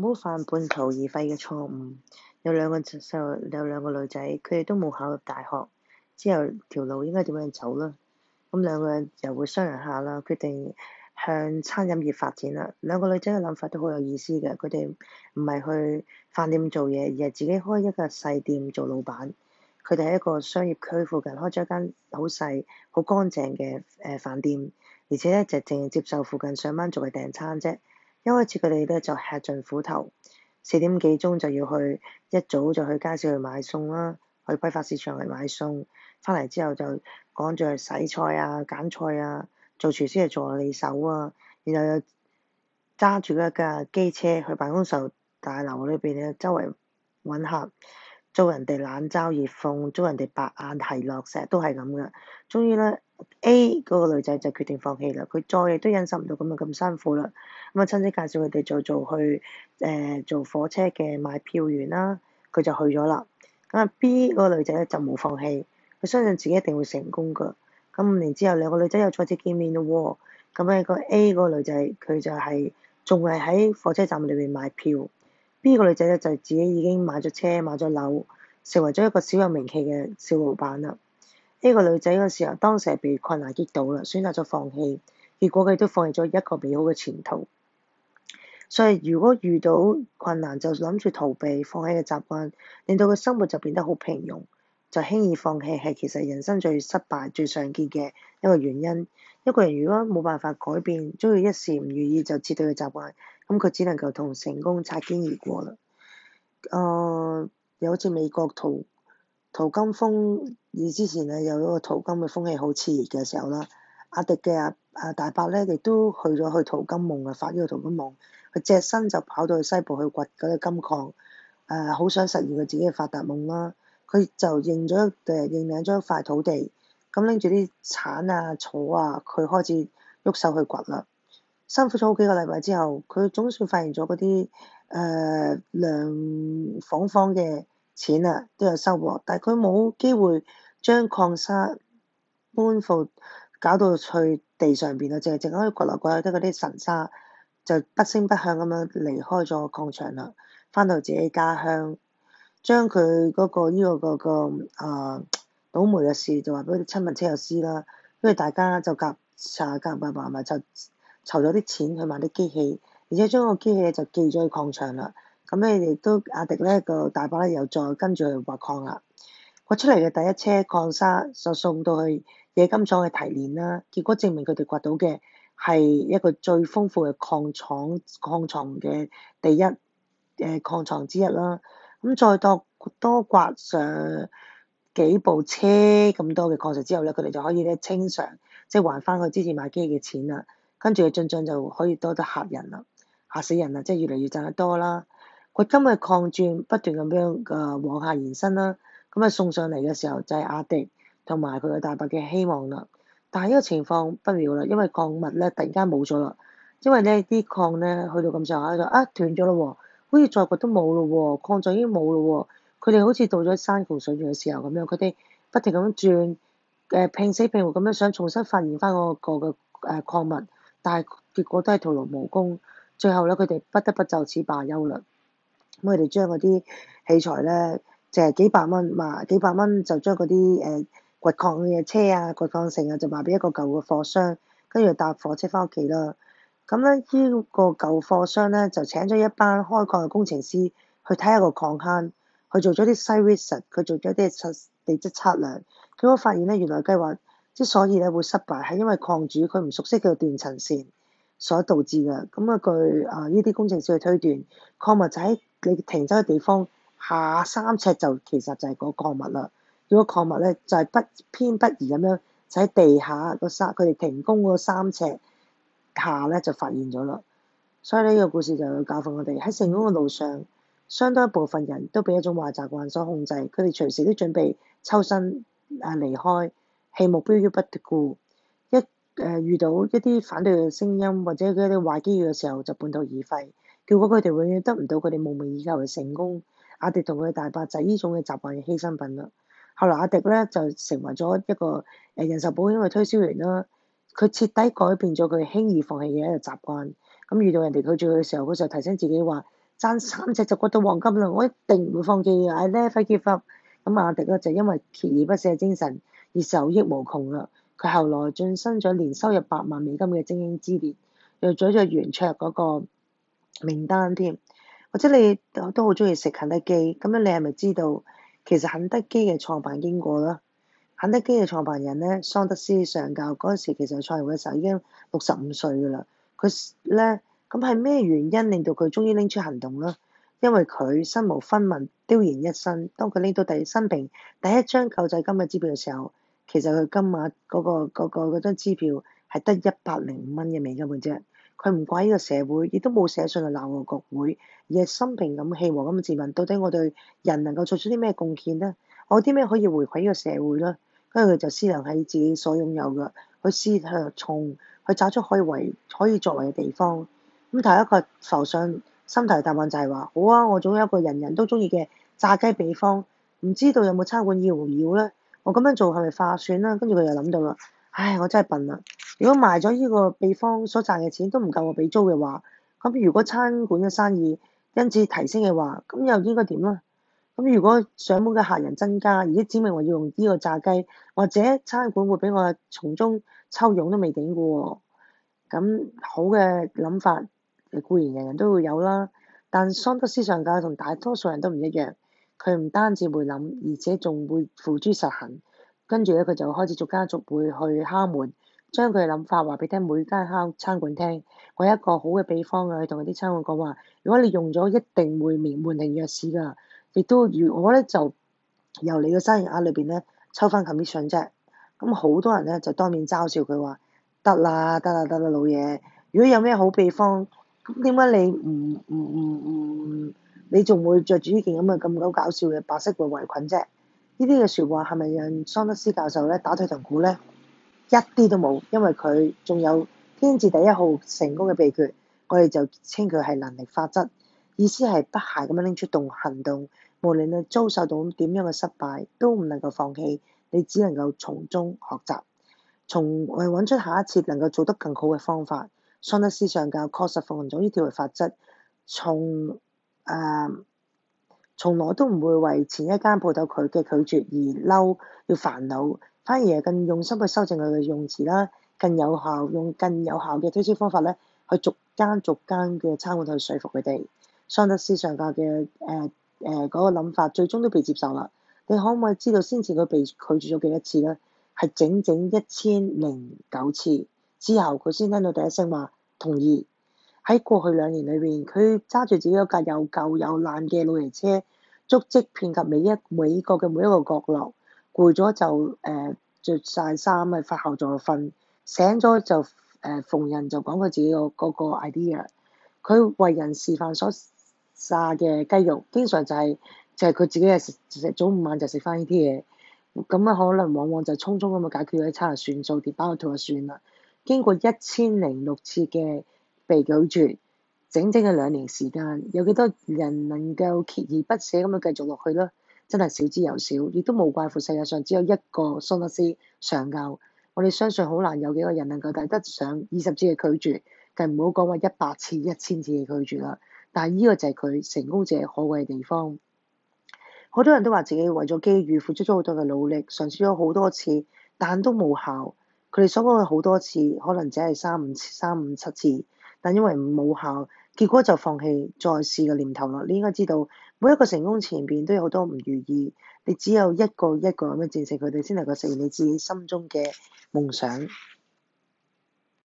唔好犯半途而廢嘅錯誤。有兩個細有兩個女仔，佢哋都冇考入大學，之後條路應該點樣走咧？咁兩個人就會商量下啦，決定向餐飲業發展啦。兩個女仔嘅諗法都好有意思嘅，佢哋唔係去飯店做嘢，而係自己開一個細店做老闆。佢哋喺一個商業區附近開咗一間好細、好乾淨嘅誒飯店，而且咧就淨係接受附近上班族嘅訂餐啫。一開始佢哋咧就吃盡苦頭，四點幾鐘就要去，一早就去街市去買餸啦，去批發市場去買餸，翻嚟之後就趕住去洗菜啊、揀菜啊，做廚師嘅助理手啊，然後又揸住一架機車去辦公室大樓裏邊咧，周圍揾客，遭人哋冷嘲熱諷，遭人哋白眼提落石，成日都係咁嘅，終於咧～A 嗰個女仔就決定放棄啦，佢再亦都忍受唔到咁樣咁辛苦啦。咁啊親戚介紹佢哋做做去誒、呃、做火車嘅買票員啦，佢就去咗啦。咁啊 B 嗰個女仔咧就冇放棄，佢相信自己一定會成功噶。咁五年之後兩個女仔又再次見面啦喎。咁啊個 A 嗰個女仔佢就係仲係喺火車站裏面買票，B 個女仔咧就自己已經買咗車買咗樓，成為咗一個小有名氣嘅小老闆啦。呢個女仔嘅時候，當時係被困難擊倒啦，選擇咗放棄，結果佢都放棄咗一個美好嘅前途。所以如果遇到困難就諗住逃避放棄嘅習慣，令到個生活就變得好平庸，就輕易放棄係其實人生最失敗最常見嘅一個原因。一個人如果冇辦法改變終於一時唔如意就撤退嘅習慣，咁佢只能夠同成功擦肩而過啦。誒、呃，又好似美國圖，淘金風，你之前咧有嗰個淘金嘅風氣好熾熱嘅時候啦，阿迪嘅阿阿大伯咧，亦都去咗去淘金夢啊，發呢個淘金夢，佢隻身就跑到去西部去掘嗰隻金礦，誒、呃、好想實現佢自己嘅發達夢啦，佢就認咗誒認名，一塊土地，咁拎住啲鏟啊草啊，佢開始喐手去掘啦，辛苦咗幾個禮拜之後，佢總算發現咗嗰啲誒亮晃晃嘅。呃錢呀都有收穫，但係佢冇機會將礦砂搬富搞到去地上邊啦，就係淨係可以掘嚟掘去，得嗰啲神砂就不聲不響咁樣離開咗礦場啦，翻到自己家鄉，將佢嗰個呢個、嗰個個啊倒楣嘅事就話俾啲親密車友知啦，因為大家就夾茶夾埋咪就籌咗啲錢去買啲機器，而且將個機器就寄咗去礦場啦。咁你哋都阿迪咧、呢個大伯咧又再跟住去挖礦啦，掘出嚟嘅第一車礦砂就送到去冶金廠去提煉啦。結果證明佢哋掘到嘅係一個最豐富嘅礦廠礦藏嘅第一誒礦藏之一啦。咁再多多挖上幾部車咁多嘅礦石之後咧，佢哋就可以咧清償，即係還翻佢之前買機嘅錢啦。跟住進進就可以多得嚇人啦，嚇死人啦！即係越嚟越賺得多啦～佢今日抗轉不斷咁樣嘅往下延伸啦，咁啊送上嚟嘅時候就係阿迪同埋佢嘅大伯嘅希望啦。但係呢個情況不妙啦，因為礦物咧突然間冇咗啦，因為呢啲礦咧去到咁上下就啊斷咗咯喎，好似再掘都冇咯喎，礦再已經冇咯喎。佢哋好似到咗山窮水盡嘅時候咁樣，佢哋不停咁轉，誒、呃、拼死拼活咁樣想重新發現翻嗰個嘅誒礦物，但係結果都係徒勞無功，最後咧佢哋不得不就此罷休啦。咁佢哋將嗰啲器材咧，就係、是、幾百蚊，賣幾百蚊就將嗰啲誒掘礦嘅車啊、掘礦成啊，就賣俾一個舊嘅貨商，跟住搭火車翻屋企啦。咁咧，依、這個舊貨商咧就請咗一班開礦嘅工程師去睇一個礦坑，佢做咗啲西瑞測，佢做咗啲測地質測量，咁我發現咧原來計劃之所以咧會失敗，係因為礦主佢唔熟悉嘅斷層線所導致嘅。咁啊據啊呢啲工程師嘅推斷，礦物仔。你停車嘅地方下三尺就其實就係嗰礦物啦，如果礦物咧就係、是、不偏不倚咁樣，就喺地下、嗰個沙，佢哋停工嗰三尺下咧就發現咗啦。所以呢個故事就教訓我哋喺成功嘅路上，相當一部分人都被一種壞習慣所控制，佢哋隨時都準備抽身啊離開，棄目標於不顧，一誒、呃、遇到一啲反對嘅聲音或者佢啲壞機遇嘅時候就半途而廢。結果，佢哋永遠得唔到佢哋夢寐以求嘅成功。阿迪同佢大伯就係呢種嘅習慣嘅犧牲品啦。後來阿迪咧就成為咗一個誒人壽保險嘅推銷員啦。佢徹底改變咗佢輕易放棄嘅一個習慣。咁遇到人哋拒絕佢嘅時候，佢就提醒自己話：爭三隻就過到黃金啦，我一定唔會放棄嘅。I never give up。咁阿迪咧就因為鍥而不捨嘅精神而受益無窮啦。佢後來晉身咗年收入百萬美金嘅精英之列，又做咗圓桌嗰、那個。名單添，或者你都好中意食肯德基，咁樣你係咪知道其實肯德基嘅創辦經過啦？肯德基嘅創辦人咧，桑德斯上校嗰陣時，其實喺創業嘅時候已經六十五歲噶啦，佢咧，咁係咩原因令到佢終於拎出行動咧？因為佢身無分文，孑然一身。當佢拎到第新瓶第一張救濟金嘅支票嘅時候，其實佢金額嗰個嗰、嗰個嗰張、支票係得一百零五蚊嘅美金嘅啫。佢唔怪呢個社會，亦都冇寫信去鬧我國會，而係心平咁氣和咁自問：到底我對人能夠做出啲咩貢獻咧？我有啲咩可以回饋呢個社會咧？跟住佢就思量喺自己所擁有嘅，去思量從去找出可以為可以作為嘅地方。咁第一個浮上心頭嘅答案就係話：好啊，我總有一個人人都中意嘅炸雞秘方，唔知道有冇餐館要唔要咧？我咁樣做係咪划算咧？跟住佢又諗到啦，唉，我真係笨啦！如果賣咗呢個秘方所賺嘅錢都唔夠我俾租嘅話，咁如果餐館嘅生意因此提升嘅話，咁又應該點呀？咁如果上門嘅客人增加，而且指明話要用呢個炸雞，或者餐館會俾我從中抽傭都未定嘅喎。咁好嘅諗法固然人人都會有啦，但桑德斯上校同大多數人都唔一樣，佢唔單止會諗，而且仲會付諸實行。跟住咧，佢就開始逐家逐戶去敲門。將佢嘅諗法話俾你聽，每間烤餐館聽，我有一個好嘅秘方嘅，佢同啲餐館講話，如果你用咗一定會門門庭若市噶，亦都如我咧就由你嘅生意額裏邊咧抽翻 commission 啫。咁好多人咧就當面嘲笑佢話：得啦，得啦，得啦，老嘢！如果有咩好秘方，咁點解你唔唔唔唔，你仲會着住呢件咁嘅咁好搞笑嘅白色嘅圍裙啫？呢啲嘅説話係咪讓桑德斯教授咧打退堂鼓咧？一啲都冇，因為佢仲有天字第一號成功嘅秘訣，我哋就稱佢係能力法則，意思係不懈咁樣拎出動行動，無論你遭受到點樣嘅失敗，都唔能夠放棄，你只能夠從中學習，從去揾出下一次能夠做得更好嘅方法。桑德斯上校確實奉行咗呢條法則，從誒、uh, 從來都唔會為前一間鋪頭佢嘅拒絕而嬲要煩惱。反而係更用心去修正佢嘅用詞啦，更有效用更有效嘅推銷方法咧，去逐間逐間嘅參觀佢，說服佢哋。桑德斯上校嘅誒誒嗰個諗法，最終都被接受啦。你可唔可以知道先前佢被拒絕咗幾多次咧？係整整一千零九次之後，佢先聽到第一聲話同意。喺過去兩年裏邊，佢揸住自己一架又舊又爛嘅老爺車，足跡遍及每一美國嘅每一個角落。攰咗就誒著曬衫啊，瞓、呃、後就瞓，醒咗就誒逢、呃、人就講佢自己、那個嗰個 idea。佢為人示範所殺嘅雞肉，經常就係、是、就係、是、佢自己係食食早午晚就食翻呢啲嘢，咁啊可能往往就匆匆咁啊解決咗一餐就算數，填飽肚就算啦。經過一千零六次嘅被拒絕，整整嘅兩年時間，有幾多人能夠鍥而不捨咁啊繼續落去咧？真係少之又少，亦都冇怪乎世界上只有一個桑德斯上校。我哋相信好難有幾個人能夠抵得上二十次嘅拒絕，但唔好講話一百次、一千次嘅拒絕啦。但係呢個就係佢成功者可貴嘅地方。好多人都話自己為咗機遇付出咗好多嘅努力，嘗試咗好多次，但都冇效。佢哋所講嘅好多次，可能只係三五三五七次，但因為冇效，結果就放棄再試嘅念頭啦。你應該知道。每一個成功前邊都有好多唔如意，你只有一個一個咁樣戰勝佢哋，先能夠實現你自己心中嘅夢想。